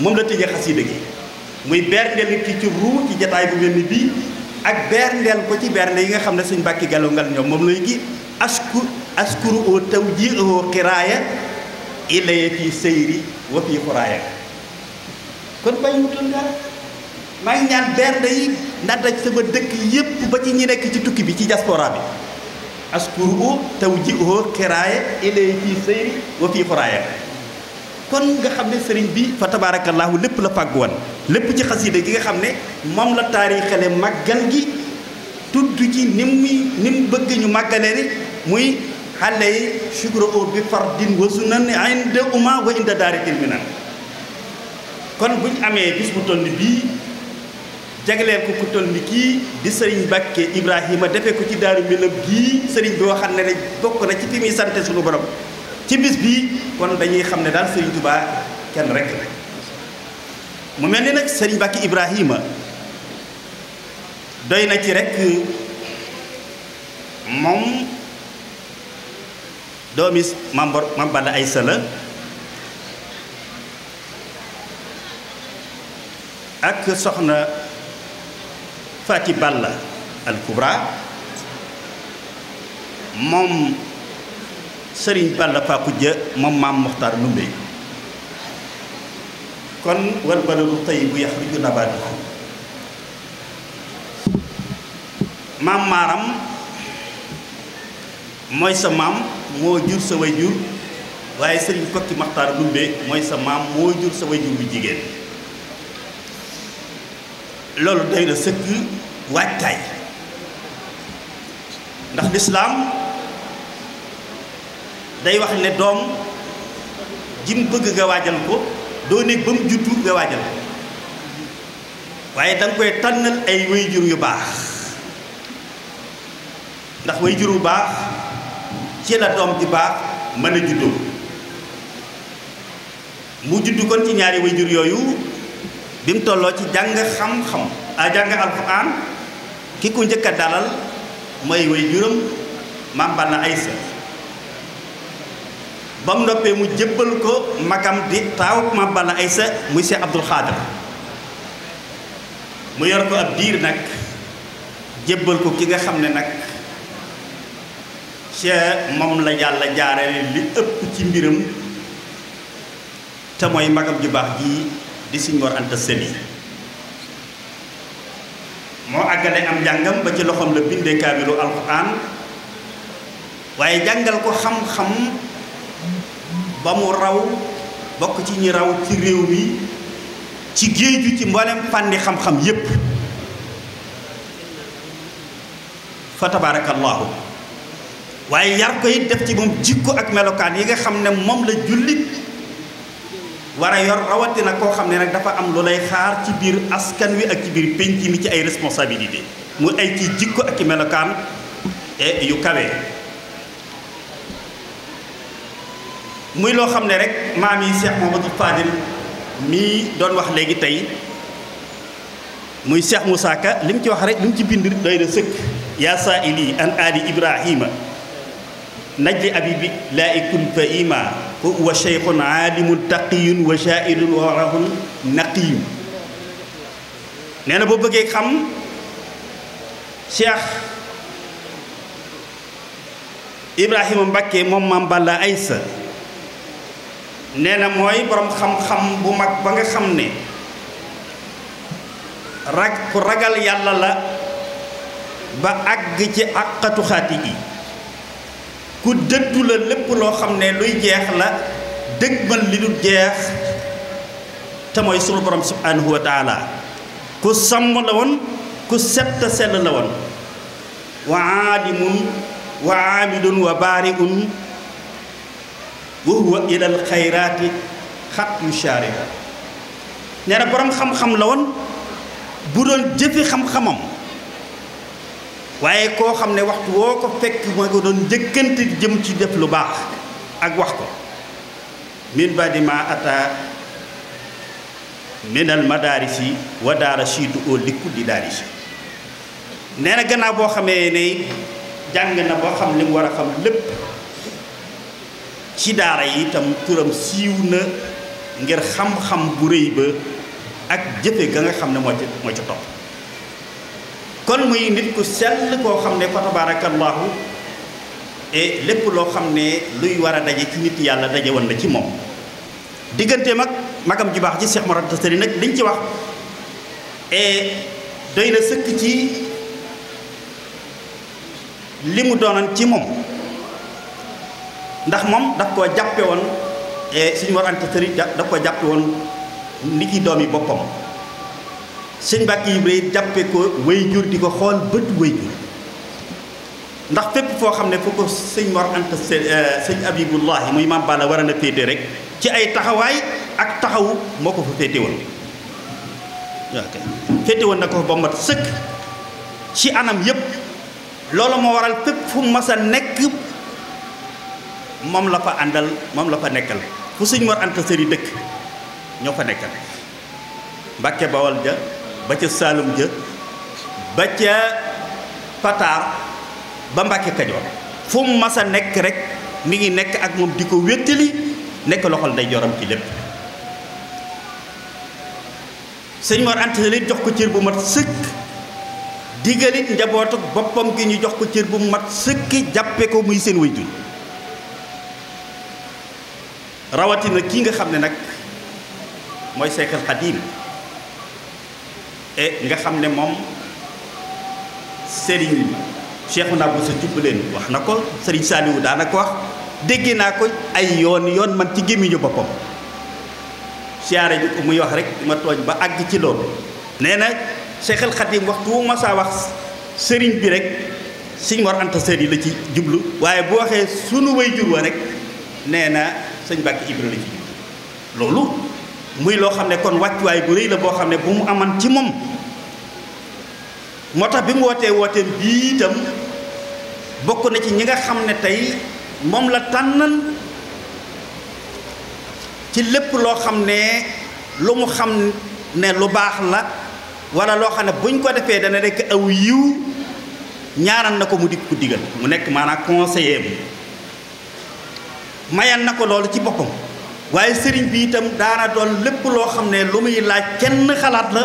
moom la tëjee xasida gi muy berndeel nit ki ci ruu ci jataay bu mel bii ak berndeel ko ci bernde yi nga xam ne suñ bàkki galo ngal ñoom moom lay gi asku askuru oo taw ji oo xiraaya ilaye fii sëyri wa fii xuraaya kon bàyyi wutal dara maa ngi ñaan bernde yi ndadaj sama dëkk yépp ba ci ñi nekk ci tukki bi ci diaspora bi askuru oo taw ji oo xiraaya ilaye fii sëyri wa fii xuraaya kon nga xam ne sëriñ bi fa tabaarakallaahu lépp la fàgguwoon lépp ci xasida gi nga xam ne moom la taarixale màggal gi tudd ci ni muy ni mu bëgg ñu màggalee ni muy xale yi sukura bi fardin wa sunan inda uma wa inda daari ilminan kon buñ amee bis bu toll bii jagleel ko ku toll ni kii di sëriñ Mbàkke Ibrahima defee ko ci daaru minam gii sëriñ bi waxal ne rek bokk na ci fi muy sante suñu borom ci bis bii kon dañuy xam ne daal Serigne Touba kenn rek la mu mel ni nag Serigne Bakki Ibrahima doy na ci rek moom doomi Mambor Mamballa ay sëla ak soxna faati Balla al Kubra moom. sëriñ Balla Paku Dia moom maam Muxtaar Ndumbe kon wal baladu tayyibu yaxruju nabaatuhu maam maaram mooy sa maam moo jur sa way jur waaye sëriñ Kokki Muxtaar Ndumbe mooy sa maam moo jur sa way jur bu jigéen loolu doy na sëkk waajtaay ndax lislaam day wax ne doom jim bëgg nga waajal ko doo nekk ba mu juddu nga ko waaye da koy tànnal ay jur yu baax ndax wayjur yu baax ci la doom ji baax mën a juddoo mu juddu kon ci ñaari wayjur yooyu bi mu tolloo ci jàng xam-xam a ah, jàng alxuraan ki ku njëkk a dalal mooy wayjuram maam ay Aysa ba mu noppee mu jébbal ko magam di taaw ma bala ay sa muy Seex Abdul Xaadir mu yor ko ab diir nag jébbal ko ki nga xam ne nag Seex moom la yàlla jaarale li ëpp ci mbiram te mooy magam ju baax gi di Sëñ Mor Anta Sali moo àggale am njàngam ba ci loxoom la bindee kaamilu alxuraan waaye jàngal ko xam-xam ba mu raw bokk ci ñi raw ci réew mi ci géeju ci mboolem fànni xam-xam yépp fa tabaarakallaahu waaye yar ko it def ci moom jikko ak melokaan yi nga xam ne moom la jullit war a yor rawatina koo xam ne nag dafa am lu lay xaar ci biir askan wi ak ci biir penc mi ci ay responsabilité mu ay ci jikko ak ci melokaan eh, yu kawe muy loo xam ne rek maam yi Cheikh Mouhamadou Fadil mii doon wax léegi tey muy Cheikh Moussa Ka li mu ci wax rek li mu ci bind doy na sëkk yaa saa ili an aali ibrahima najli abibi laa ikun fa ima fa huwa cheikhun aalimun taqiyun wa jaa'ilun wa warahun naqiyun nee na boo bëggee xam Cheikh Ibrahima Mbakke moom maam bala Aysa nee na mooy borom xam-xam bu mag ba nga xam ne rag ku ragal yàlla la ba àgg ci àqatu xaati gi ku dëddu la lépp loo xam ne luy jeex la dëgmal li dul jeex te mooy sunu borom subhanahu wa taala ku sàmm la woon ku set sell la woon wa aalimun wa aamidun wa baariun wa huwa ilal xayraati xatmu shaariha nee na borom xam-xam la woon bu doon jëfi xam-xamam waaye koo xam ne waxtu woo ko fekk ma ko doon njëkkante jëm ci def lu baax ak wax ko min badi ma ata minal madaarisi wa daara siitu oo likku di daarisi nee na gannaaw boo xamee ne jàng na boo xam li war a xam lépp ci daara yi itam turam siiw na ngir xam-xam bu rëy ba ak jëfe ka nga xam ne moo ca moo ci topp kon muy nit ku sell koo xam ne fa tabaarakallaahu lépp loo xam ne luy war a daje ci nit yàlla daje woon na ci moom diggante mag magam ju baax ci Cheikh Mor Anta Sali nag liñ ci wax e doy na sëkk ci li mu doonoon ci moom ndax moom daf koo jàppe woon eh, suñu war ante sëri daf koo jàppe woon nit yi doom yi boppam sëñ Mbàkke Ibrahima jàppe ko wéy jur di ko xool bët wéy jur ndax fépp foo xam ne fu ko sëñ Mor Anta eh, sëñ Abibullahi muy maam war a na féete rek ci ay taxawaay ak taxawu moo ko fa féete woon féete woon na ko fa ba sëkk ci anam yépp loolu moo waral fépp fu mas nekk moom la fa àndal moom la fa nekkal fu sëñ Mor Anta Sali dëkk ñoo fa nekkal mbakke Bawol ja ba ca Saalum ja ba ca Pataar ba Mbàkke Kajoor fu mu mas nekk rek mi ngi nekk ak moom di ko wéttali nekk loxol day joram ci lépp sëñ Mor Anta Sali jox ko cër bu mat sëkk digalit njabootu boppam gi ñu jox ko cër bu mat sëkki jàppe ko muy seen wayjur rawatina kii nga xam ne nag mooy Seexul Xadiim e nga xam ne moom seriñ Serigne Cheikhouna Bousso leen wax na ko Serigne Saliou daana wax dégg naa ko ay yoon yoon man ci gémmiñu boppam siyaare ji ko muy wax rek ma tooñ ba àgg ci loolu nee na Seexul Xadiim waxtu wu ma saa wax Serigne bi rek Serigne Mor Anta Sali la ci jublu waaye bu waxee sunu way jur wa rek nee na sëñ Mbàkke Ibra la loolu muy loo xam ne kon wàccuwaay bu rëy la boo xam ne bu mu aman ci moom moo tax bi mu wootee wooteem bii itam bokk na ci ñi nga xam ne tey moom la tànnan ci lépp loo xam ne lu mu xam ne lu baax la wala loo xam ne buñ ko defee dana rekk aw yiw ñaaral na ko mu dikk ko digal mu nekk maanaam bi mayal na ko loolu ci boppam waaye sëriñ bi itam daana doon lépp loo xam ne lu muy laaj kenn xalaat la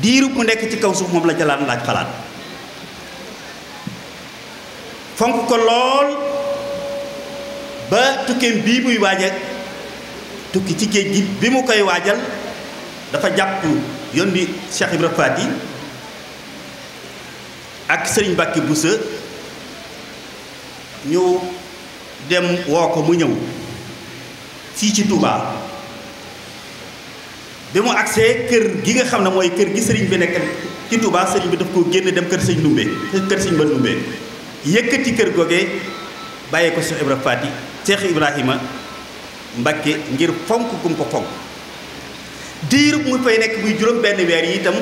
diiru mu nekk ci kaw suuf moom la jalaat laaj xalaat fonk ko lool ba tukkeem bii muy waajal tukki ci géej gi bi mu koy waajal dafa jàpp yónni Cheikh Ibra Faty ak sëriñ Mbàkke së ñu dem woo ko mu ñëw sii ci Touba bi mu agsee kër gi nga xam ne mooy kër gi sëriñ bi nekk ci Touba sëriñ bi daf ko génn dem kër sëñ Ndumbe kër sëñ ba Ndumbe yëkkati kër googee bàyyee ko Cheikh Ibrahima Fati Cheikh Ibrahima Mbacké ngir fonk gum ko fonk diir mu fay nekk muy juróom benn weer yi itam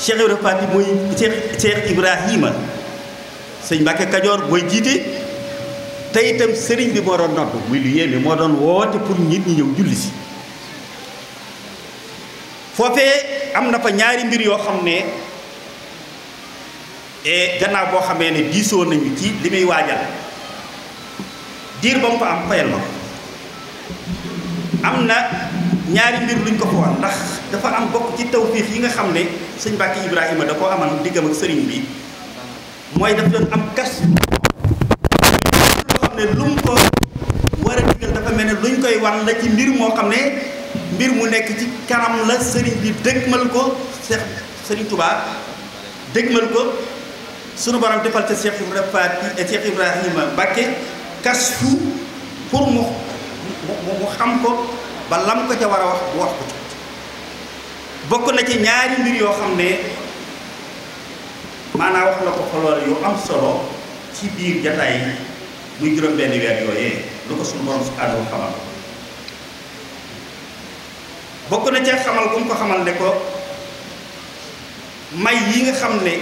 Cheikh Ibrahima Fati mooy Cheikh Cheikh Ibrahima sëñ Mbacké Kajoor booy jiite tey itam sëriñ bi moo doon nodd muy lu yéeme moo doon woote pour nit ñi ñëw julli si foofee am na fa ñaari mbir yoo xam ne e gannaaw boo xamee ne diisoo nañu ci li muy waajal diir ba mu fa am fayal ma ko am na ñaari mbir luñ ko fa ndax dafa am bokk ci tawfiix yi nga xam ne sëñ Mbàkke Ibrahima da koo amal diggam ak sëriñ bi mooy daf doon am kas xam lu mu ko war a digal dafa mel ne luñ koy wax la ci mbir moo xam ne mbir mu nekk ci kanam la sëriñ bi dëgmal ko Seex Sëriñ Tuubaa dëgmal ko sunu borom defal ca Seex eh, Ibrahima Faati Seex Ibrahima pour mu mu xam ko ba lam ko ca war a wax bu wax ko ci bokk na ci ñaari mbir yoo xam ne maanaa wax na ko xolool yu am solo ci biir jataay muy juróom benn weer yooyee lu ko suñu borom subhanahu wa xamal bokk na ca xamal bu mu ko xamal ne ko may yi nga xam ne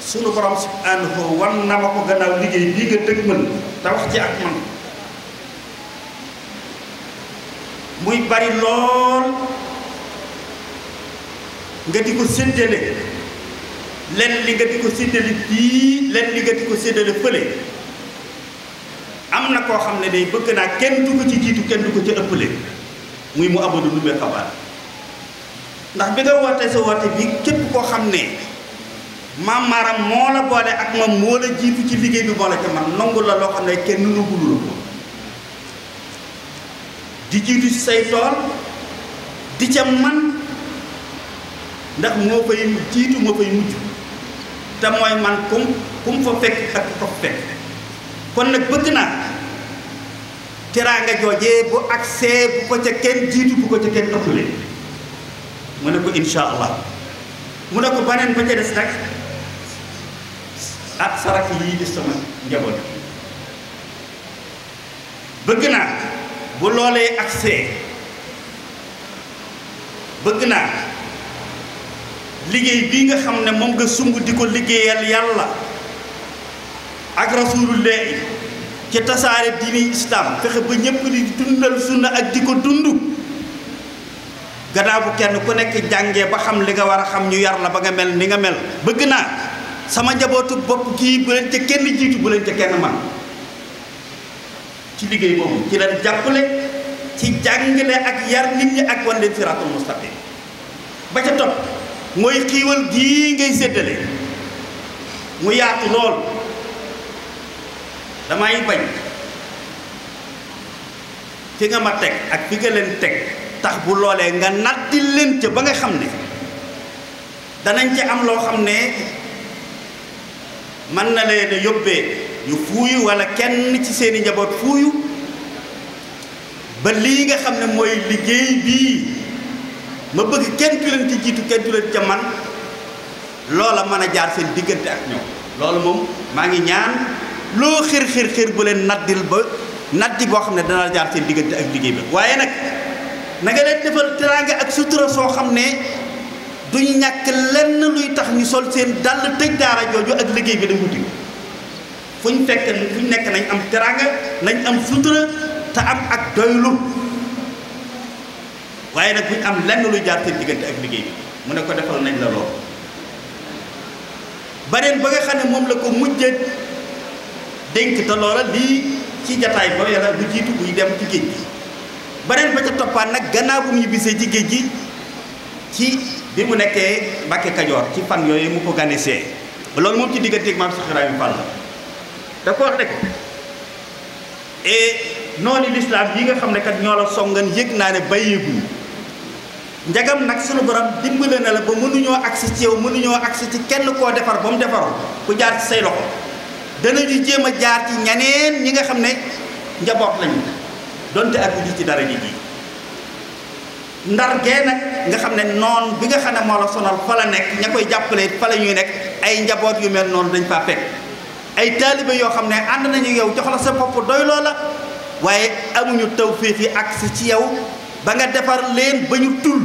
suñu borom subhanahu wan na ma ko gannaaw liggéey bii nga dëgg mën te wax ci ak man muy bari lool nga di ko séddale lenn li nga di ko séddale fii lenn li nga di ko séddale fële am na koo xam ne day bëgg naa kenn du ci jiitu kenn du ko ci ëppale muy mu abadu lu mee xabaar ndax bi nga wootee sa woote bi képp koo xam ne maam maaram moo la boole ak moom moo la jiitu ci liggéey bi moo ca man nangu la loo xam ne kenn jiitu ci di ca man ndax moo fay jiitu moo fay mujj te mooy man kum kum fa fekk ak ko fekk kon nag bëgg naa teraanga joojee bu agsee bu ko ca kenn jiitu bu ko ca kenn ëppale mu ne ko insha mu ne ko baneen ba ca des nag ak sarak yii di sama njaboot bëgg naa bu loolee agsee bëgg naa liggéey bii nga xam ne moom nga sung di ko liggéeyal yàlla ak rasuulullaahi ci tasaare diini islaam fexe ba ñépp di dundal sunna ak di ko dund gannaaw kenn ku nekk jànge ba xam li nga war a xam ñu yar la ba nga mel ni nga mel bëgg naa sama njabootu bopp gii bu leen ca kenn jiitu bu leen ca kenn man ci liggéey boobu ci leen jàppale ci jàngale ak yar nit ñi ak wan leen siraatul ba ca topp mooy xiiwal gii ngay séddale mu yaatu lool damay bañ fi nga ma teg ak fi nga leen teg tax bu loolee nga natti leen ca ba nga xam ne danañ ci am loo xam ne mën na leen a yóbbee ñu fuuyu wala kenn ci seeni njaboot fuuyu ba lii nga xam ne mooy liggéey bii ma bëgg kenn du leen ci jiitu kenn du ca man loola mën a jaar seen diggante ak ñoom loolu moom maa ngi ñaan loo xir xir xir bu leen naddil ba naddi boo xam ne dana jaar seen diggante ak liggéey bi waaye nag nanga nga leen defal teraanga ak sutura soo xam ne duñu ñàkk lenn luy tax ñu sol seen dàll tëj daara jooju ak liggéey bi dañ ko digg fu ñu fekk fu ñu nekk nañ am teraanga nañ am sutura te am ak doylu waaye nag buñ am lenn luy jaar seen diggante ak liggéey bi mu ne ko defal nañ la lool beneen ba nga xam ne moom la ko mujjee dénk te loola lii ci jataay ba yàlla du jiitu buy dem ci géej gi beneen ba ca toppaat nag gannaaw bu mu ñibbisee ci géej gi ci bi mu nekkee Mbàkke Kajoor ci fan yooyu mu ko ganisee loolu moom ci digganteeg maam Cheikh Ibrahima Fall da ko wax rek eh, noonu lislaam yi nga xam ne kat ñoo la songan yëg naa ne bàyyeeguñu njagam nag sunu borom dimbale na la ba mënuñoo agsi ci yow mënuñoo agsi ci kenn koo defar ba mu defaroon ku jaar ci say loxo danañu jéem a jaar ci ñaneen ñi nga xam ne njaboot lañu donte ak ñu ci dara ji ji ndar gee nag nga xam ne noon bi nga xam ne moo la sonal fa nekk ña koy jàppalee fa la ñuy nekk ay njaboot yu mel noonu dañ faa fekk ay taalibe yoo xam ne ànd nañu yow jox la sa bopp doy loo la waaye amuñu tawféex yi agsi ci yow ba nga defar leen ba ñu tul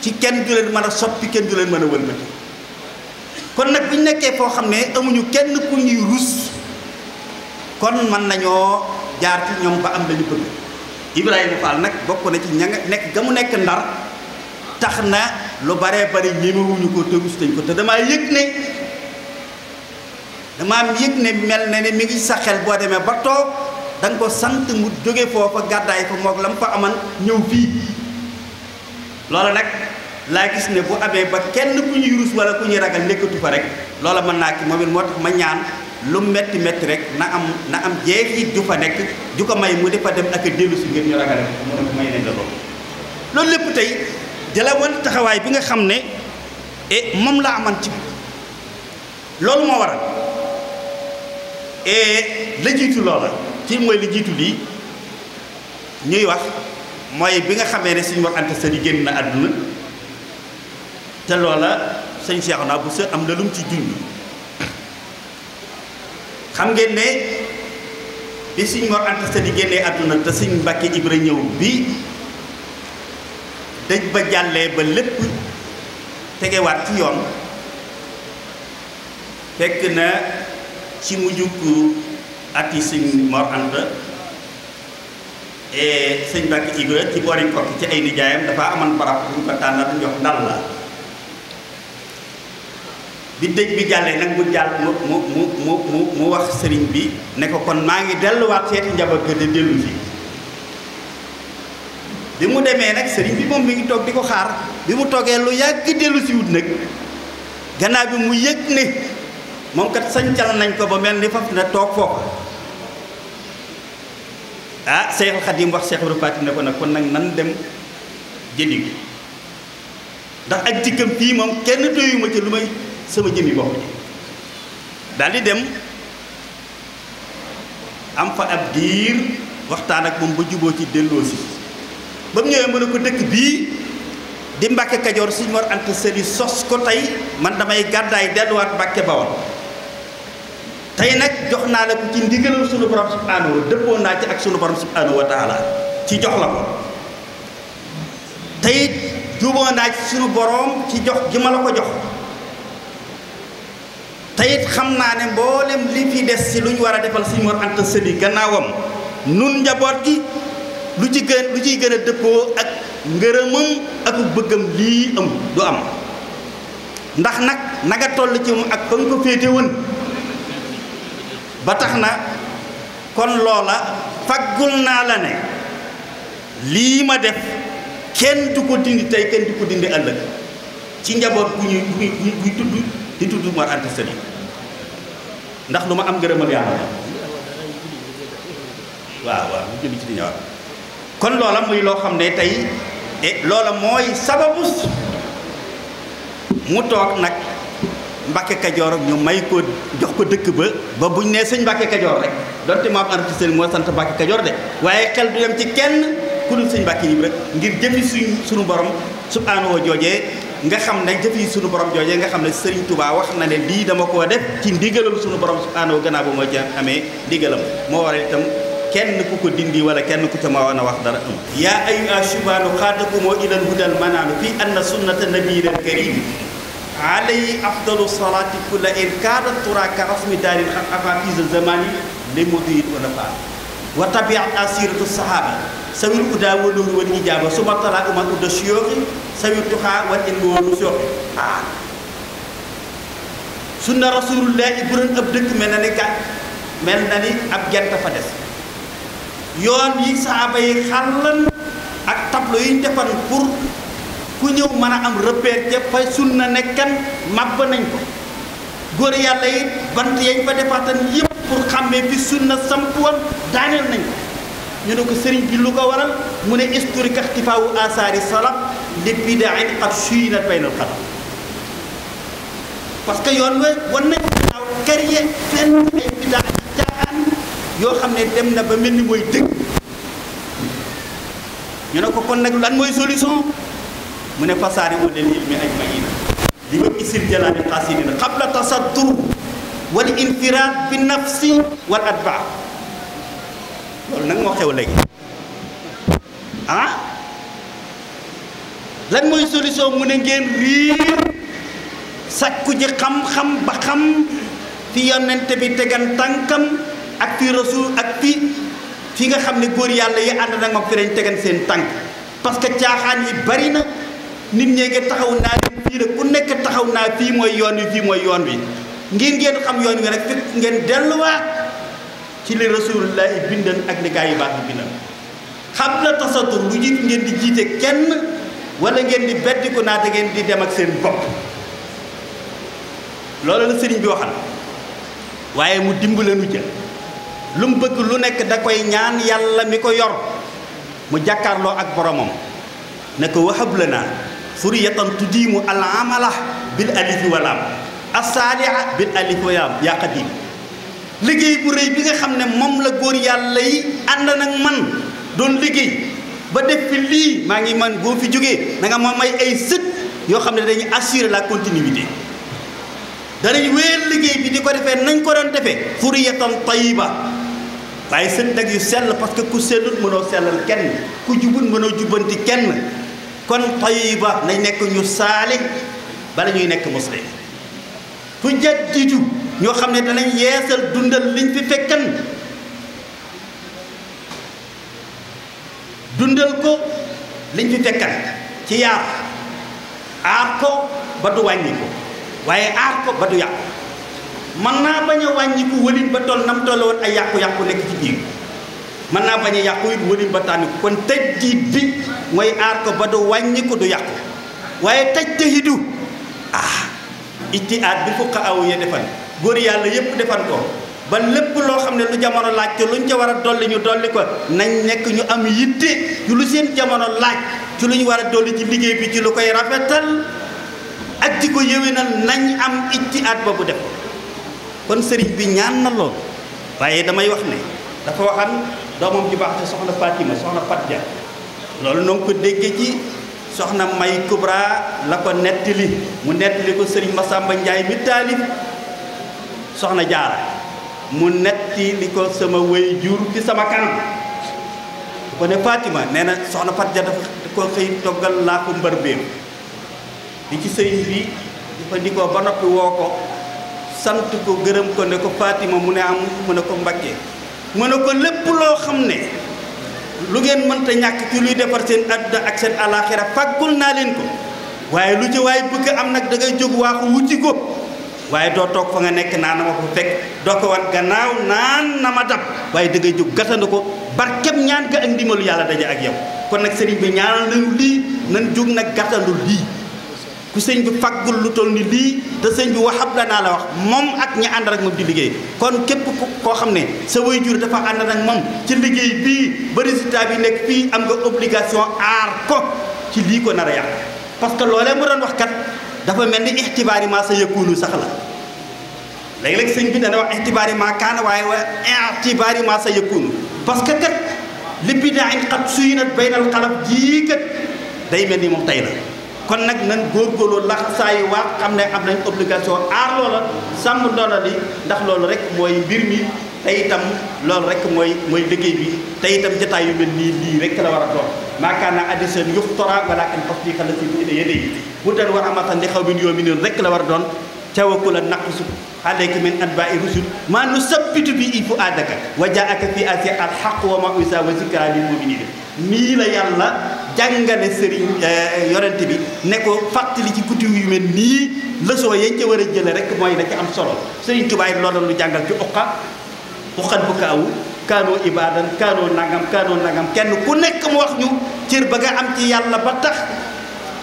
ci kenn du leen mën a soppi kenn du leen mën a wëlbati kon nag bu nekkee foo xam ne amuñu kenn ku ñuy rus kon mën nañoo jaar ci ñoom ba am lañu bëgg Ibrahima Fall nag bokk na ci ña nga nekk ga mu nekk ndar tax na lu baree bari ñemewuñu ko te rus nañ ko te damaa yëg ne damaa yëg ne mel na ne mi ngi sa xel boo demee ba toog da ko sant mu jóge foofa gàddaay fa moog la mu fa aman ñëw fii loolu nag. laa gis ne bu amee ba kenn ku ñuy ruus wala ku ñuy ragal nekkatu fa rek loola mën naa ki moom it moo tax ma ñaan lu metti metti rek na am na am jeexit ju fa nekk ju ko may mu di fa dem ak a dellu si ngir ñu ragal mu ne may nañ la loolu lépp tey jëla woon taxawaay bi nga xam ne e moom laa aman ci loolu moo waral e la jiitu loola ci mooy li jiitu lii ñuy wax mooy bi nga xamee ne suñu wax ante sëriñ génn na àdduna te loola sëñ Cheikh naa bu sa am na lum ci junj xam ngeen bi sëñ Mor Anta Sali génnee àdduna te sëñ Mbàkke Ibra ñëw bi dëj ba jàllee ba lépp tegewaat ci yoon fekk na ci mujjug ati sëñ Mor Anta sëñ Mbàkke Ibra ci boori kokki ci ay nijaayam dafa amoon barab bu ñu ko tànnal jox ndal la bi dëj bi jàllee nag mu jàll mu mu mu mu mu wax sëriñ bi ne ko kon maa ngi delluwaat seeti njaboot ga de dellu si bi mu demee nag sëriñ bi moom mi ngi toog di ko xaar bi mu toogee lu yàgg dellu si wut nag gannaaw bi mu yëg ne moom kat sañcal nañ ko ba mel ni faf na toog foofu ah Seexul Xadim wax Seex Ibra Faati ne ko nag kon nag nan dem jëndi ndax ak jikkam fii moom kenn doyuma ci lu may sama jëmmi bopp daal di dem am fa ab diir waxtaan ak moom ba juboo ci delloosi ba mu ñëwee mën a ko dëkk bii di Mbàkke Kajoor suñu war ant seli sos ko tey man damay gàddaay delluwaat Mbàkke Bawol tey nag jox naa la ko ci ndigalal sunu borom subhaanahu wa naa ci ak sunu borom subhaanahu wa ci jox la ko tey juboo naa ci sunu borom ci jox gi ma la ko jox te it xam naa ne mboolem li fi des ci lu ñu war a defal Sëñ Mor Anta Sali gannaawam nun njaboot gi lu ci gën lu ciy gën a dëppoo ak ngërëmam ak bëggam lii am du am ndax nag na nga toll ci moom ak fa nga ko féete woon ba tax na kon loola faggul naa la ne lii ma def kenn du ko dindi tey kenn du ko dindi ëllëg ci njaboot bu ñuy bu ñuy tudd di tudd Mor Anta Sali ndax lu ma am ngërëmal yàlla waaw waaw kon loola muy loo xam ne tey e, loola mooy sababu mu toog nag Mbàkke Kajoor ñu may ko jox ko dëkk ba ba buñ nee sëñ Mbàkke Kajoor rek donte Maam Anta Sali moo sant Mbàkke Kajoor de waaye xel du dem ci kenn ku dul sëñ Mbàkke yi rek ngir jëmi suñ suñu borom subhaanahu wa joojee nga xam ne jëf yi sunu borom joojee nga xam ne Serigne Touba wax na ne lii dama koo def ci ndigalal sunu borom subhaanahu gannaaw bu ma jàng amee ndigalam moo waral itam kenn ku ko dindi wala kenn ku ca ma woon a wax dara am yaa ayyuhaa shubaanu xaatakumoo ilal hudal manaanu fi anna sunnata nabiyil karim alayhi afdalu salaati kulla in kaada turaka rasmi daarin xam afa fisa zamani li mudid wala faa wa tabiat asiratu sahaaba sawil uda wa nuuru wal ijaaba suma talaa umal udda siyooxi sawil tuxaa wal ilmu wa nusooxi ah sunna rasulullahi bu doon ab dëkk mel na ni gàtt mel na ni ab gent fa des yoon yi saaba yi xàllan ak tableau yi ñu defar pour ku ñëw mën a am repère ca fa sunna nekkan màbb nañ ko góor yàlla yi bant yañ fa defaatan yëpp pour xàmmee fi sunna samp daaneel nañ ko ñu ne ko sëriñ bi lu ko waral mu ne historique ixtifaawu asaari salaf depuis daain qad suyinat baynal xalaf parce que yoon we wan nañ ginnaaw carrière fenn ay bidaa caaxaan yoo xam ne dem na ba mel ni mooy dëgg ñu ne ko kon nag lan mooy solution mu ne fasaari wa lil ilmi ajmaina li ma isil jalaali xaasidina qabla tasaddur wal infiraad bi nafsi wal atbaa loolu nag moo xew léegi ah lan mooy solution mu ne ngeen riir sakku ji xam-xam ba xam fi yonente bi tegan tànkam ak fi rasul ak fi fi nga xam ne góor yàlla yi ànd na moom fi lañ tegan seen tànk parce que caaxaan yi bari na nit ñee taxaw naa leen fii la ku nekk taxaw naa fii mooy yoon wi fii mooy yoon wi ngir ngeen xam yoon wi rek ngeen delluwaat ci li rasulullahi bindal ak li gaa baax bi bindal xam la tasatur lu ngeen di jiite kenn wala ngeen di bettiku naata ngeen di dem ak seen bopp loolu la sëriñ bi waxal waaye mu dimbalanu ja lu mu bëgg lu nekk da koy ñaan yàlla mi ko yor mu jàkkaarloo ak boromam ne ko waxab la naa furiyatan tudiimu al amala bil alifi walaam bil alifi walaam liggéey bu rëy bi nga xam ne moom la góor yàlla yi ànd nag man doon liggéey ba def fi lii maa ngi man boo fi jógee da nga ma may ay sët yoo xam ne dañuy assurer la continuité danañ wéer liggéey bi di ko defee nañ ko doon defee furiyatan ba waaye sët nag yu sell parce que ku sellut mënoo sellal kenn ku jubut mënoo jubbanti kenn kon tayiba nañ nekk ñu saali bala ñuy nekk muslim fu jat jiitu ñoo xam ne danañ yeesal dundal liñ fi fekkan dundal ko liñ fi fekkan ci yaar aar ko ba du wàññi ko waaye aar ko ba du yàqu mën naa bañ wàññiku wëlin ba toll nam toll woon ay yàqu-yàqu nekk ci biir mën naa bañ a yàqu it wëlin ba tànni kon tëj jiit bi mooy aar ko ba du wàññiku du yàqu waaye taj te hidu ah ijtihaad bi fuqahaa yi defal góor yàlla yépp defan ko ba lépp loo xam ne lu jamono laaj te luñ ca war a dolli ñu dolli ko nañ nekk ñu am yitte ci lu seen jamono laaj ci lu ñu war a dolli ci liggéey bi ci lu koy rafetal ak di ko yëwénal nañ am ijtihaad boobu def kon sëriñ bi ñaan na lool waaye damay wax ne dafa waxan doomam ji baax te soxna Fatima soxna Fatja loolu noo ngi ko déggee ci soxna May Kubra la ko nettali mu nettali ko sëriñ Masamba Njaay mi taalif soxna jaara mu netti li ko sama way jur ci sama kanam bu ko ne Fatima nee na soxna Fatia dafa ko xëy toggal laa ko mbar béem di ci sëy bi dafa di ko ba noppi woo ko sant ko gërëm ko ne ko Fatima mu ne am mu ne ko Mbakke mu ne ko lépp loo xam ne lu ngeen te ñàkk ci luy defar seen àdduna ak seen alaaxira fàggul naa leen ko waaye lu ci waay bëgg am nag da ngay waa waaxu wuti ko waaye doo toog fa nga nekk naa na ma fa fekk doo ko wan gannaaw naan na ma dab waaye da ngay jóg gasandu ko barkeb ñaan ga ak ndimalu yàlla daje ak yow kon nag sëriñ bi ñaanal nañu lii nan jóg nag gasandu lii ku sëñ bi faggul lu toll ni lii te sëñ bi waxab la naa la wax moom ak ñi ànd ak moom di liggéey kon képp koo xam ne sa waajur dafa ànd ak moom ci liggéey bii ba résultat bi nekk fii am nga obligation aar ko ci lii ko nar a yàq parce loolee doon wax kat dafa mel ni ixtibaari maa sa yëkkulu sax léegi-léeg sëñ bi dana wax intibaari maa kaana waaye wa intibaari maa sa yëkkoonu parce que kat li bidaa in xat suyinat baynal xalab jii kat day mel ni moom tey na kon nag nan góorgóorlu lax saa yu wax xam ne am nañ obligation aar loola sàmm ndono ndax loolu rek mooy mbir mi te itam loolu rek mooy mooy liggéey bi te itam jotaay yu mel nii lii rek la war a doon maakaar naa addi seen yux tora wala an tasdiqa la si bu dee yéene yi bu dee war amatan li xaw min yoo mi rek la war a doon tawakkul an naqsu alayka min anba'i rusul ma nusabbitu bihi fu'adaka wa ja'aka fi asiya al haqq wa maw'iza wa zikra lil mu'minin nii la yàlla jàngale sëriñ eh, yonent bi ne ko fàttali ci guddi yu mel nii leçon yañ ca war a jële rek mooy la ca am solo sëriñ Tuubaa yi loolu lu jàngal ci uqa uqan bu kaaw kaanoo ibadan kaanoo nangam kaanoo nangam kenn ku nekk mu wax ñu cër ba nga am ci yàlla ba tax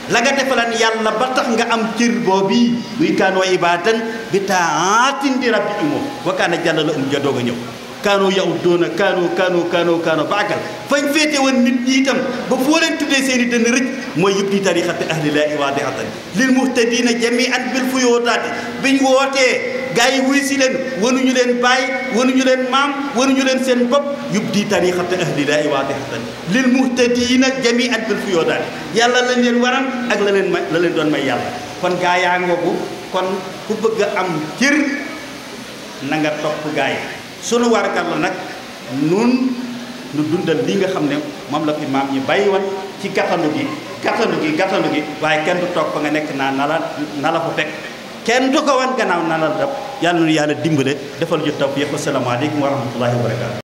la nga defalan yàlla ba tax nga am cër boobu luy kaan wa ibaatan bi taatin di rabbi umo wa kaana jàlla um ja doog ñëw kaanoo yaw doona kaanoo kaanoo kaanoo kaanoo ba àggal fañ féete woon nit ñi itam ba foo leen tuddee seen i dënn rëcc mooy yëpp di tariqati ahlilaahi waadihatan lil muhtadina jamian bil fuyootaati biñ wootee gars yi wuy si leen wanuñu leen bàyyi wanuñu leen maam wanuñu leen seen bopp yubdi tariqata ahlilaahi waadihatan lil muhtadiina jamian bil fuyoodaati yàlla lañ leen waral ak la leen may la leen doon may yàlla kon gaa yaa ngoogu kon ku bëgg a am cër na nga topp gaa sunu wargal la nag nun nu dundal li nga xam ne moom la fi maam ñi bàyyi woon ci gàttandu gi gàttandu gi gàttandu gi waaye kenn du toog fa nga nekk naa na la na la fa fekk kenn du ko wan gannaaw na la dab yàlla nu yàlla dimbale defal ju tawfiq a wa rahmatullahi wa barakatu